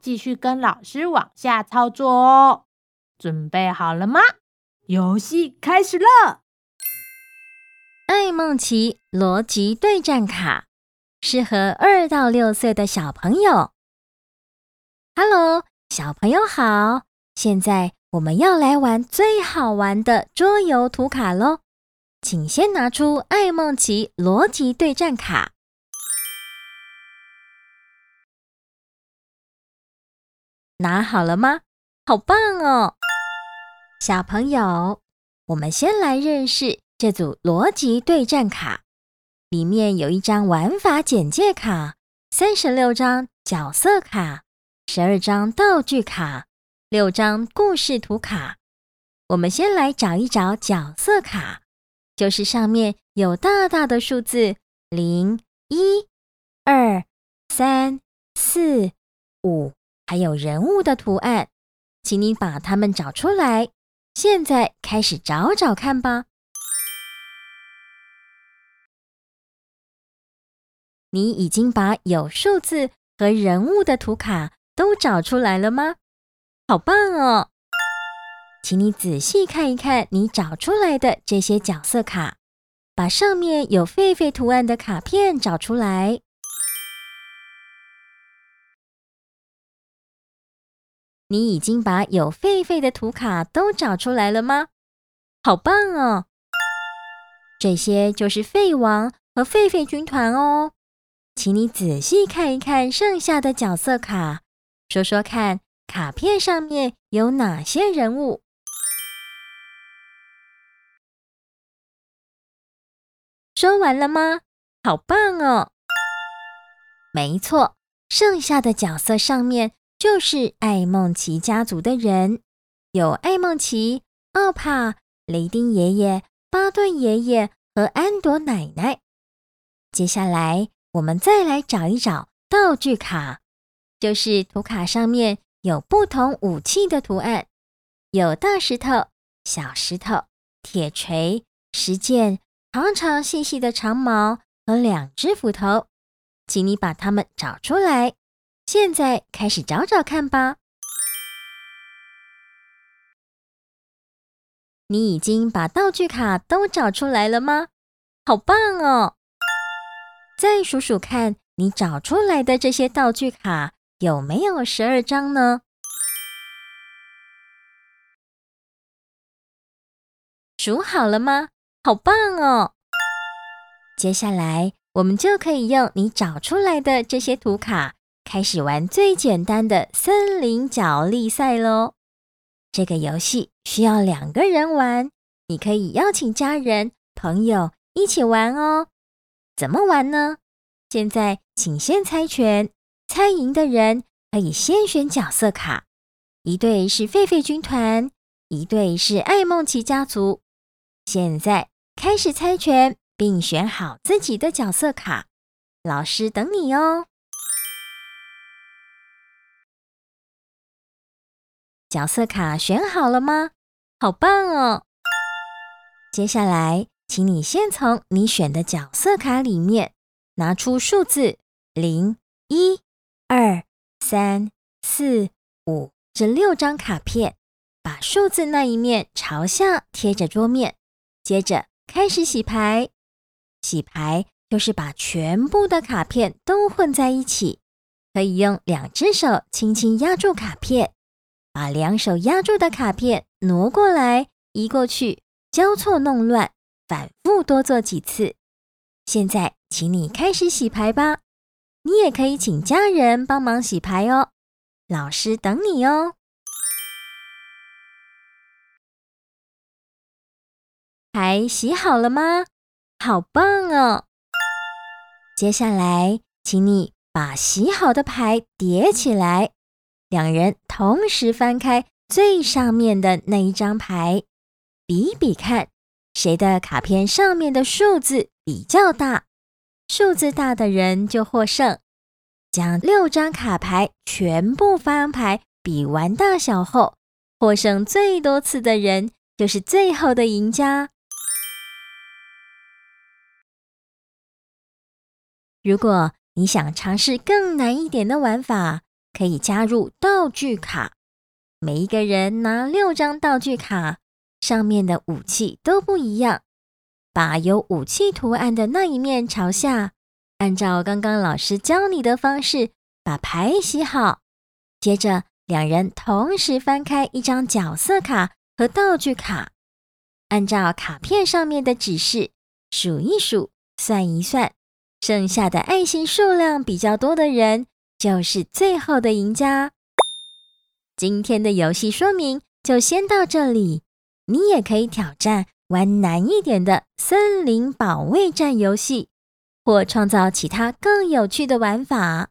繼續跟老師往下操作哦，準備好了嗎？遊戲開始了！愛孟奇邏輯對戰卡，適合二到六歲的小朋友。Hello，小朋友好，現在我們要來玩最好玩的桌遊圖卡嘍，請先拿出愛孟奇邏輯對戰卡。拿好了嗎？好棒哦，小朋友！我們先來認識這組邏輯對戰卡，裡面有一張玩法簡介卡，三十六張角色卡，十二張道具卡，六張故事圖卡。我們先來找一找角色卡，就是上面有大大的數字零、一、二、三、四、五。還有人物的圖案，請你把它們找出來。現在開始找找看吧。你已經把有數字和人物的圖卡都找出來了嗎？好棒哦！請你仔細看一看你找出來的這些角色卡，把上面有狒狒圖案的卡片找出來。你已經把有狒狒的圖卡都找出來了嗎？好棒哦！這些就是狒王和狒狒軍團哦。請你仔細看一看剩下的角色卡，說說看卡片上面有哪些人物。說完了嗎？好棒哦！沒錯，剩下的角色上面。就是愛孟奇家族的人，有愛孟奇、奧帕、雷丁爺爺、巴頓爺爺和安朵奶奶。接下來，我們再來找一找道具卡，就是圖卡上面有不同武器的圖案，有大石頭、小石頭、鐵錘、石劍、長長細細的長矛和兩隻斧頭，請你把它們找出來。現在開始找找看吧。你已經把道具卡都找出來了嗎？好棒哦！再數數看，你找出來的這些道具卡有沒有十二張呢？數好了嗎？好棒哦！接下來我們就可以用你找出來的這些圖卡。開始玩最簡單的森林角力賽嘍！這個遊戲需要兩個人玩，你可以邀請家人、朋友一起玩哦。怎麼玩呢？現在請先猜拳，猜贏的人可以先選角色卡。一隊是狒狒軍團，一隊是愛孟奇家族。現在開始猜拳，並選好自己的角色卡。老師等你哦。角色卡選好了嗎？好棒哦！接下來，請你先從你選的角色卡裡面拿出數字零、一、二、三、四、五這六張卡片，把數字那一面朝下貼着桌面，接着開始洗牌。洗牌就是把全部的卡片都混在一起，可以用兩隻手輕輕壓住卡片。把兩手壓住的卡片挪過來、移過去，交錯弄亂，反覆多做幾次。現在，請你開始洗牌吧。你也可以請家人幫忙洗牌哦。老師等你哦。牌洗好了嗎？好棒哦！接下來，請你把洗好的牌疊起來。兩人同時翻開最上面的那一張牌，比比看誰的卡片上面的數字比較大，數字大的人就獲勝。將六張卡牌全部翻牌比完大小後，獲勝最多次的人就是最後的贏家。如果你想嘗試更難一點的玩法，可以加入道具卡，每一個人拿六張道具卡，上面的武器都不一樣。把有武器圖案的那一面朝下，按照剛剛老師教你的方式把牌洗好。接着，兩人同時翻開一張角色卡和道具卡，按照卡片上面的指示數一數、算一算，剩下的愛心數量比較多的人。就是最後的贏家。今天的遊戲說明就先到這裡。你也可以挑戰玩難一點的森林保衛戰遊戲，或創造其他更有趣的玩法。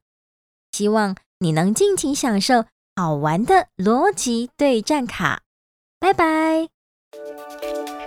希望你能盡情享受好玩的邏輯對戰卡。拜拜！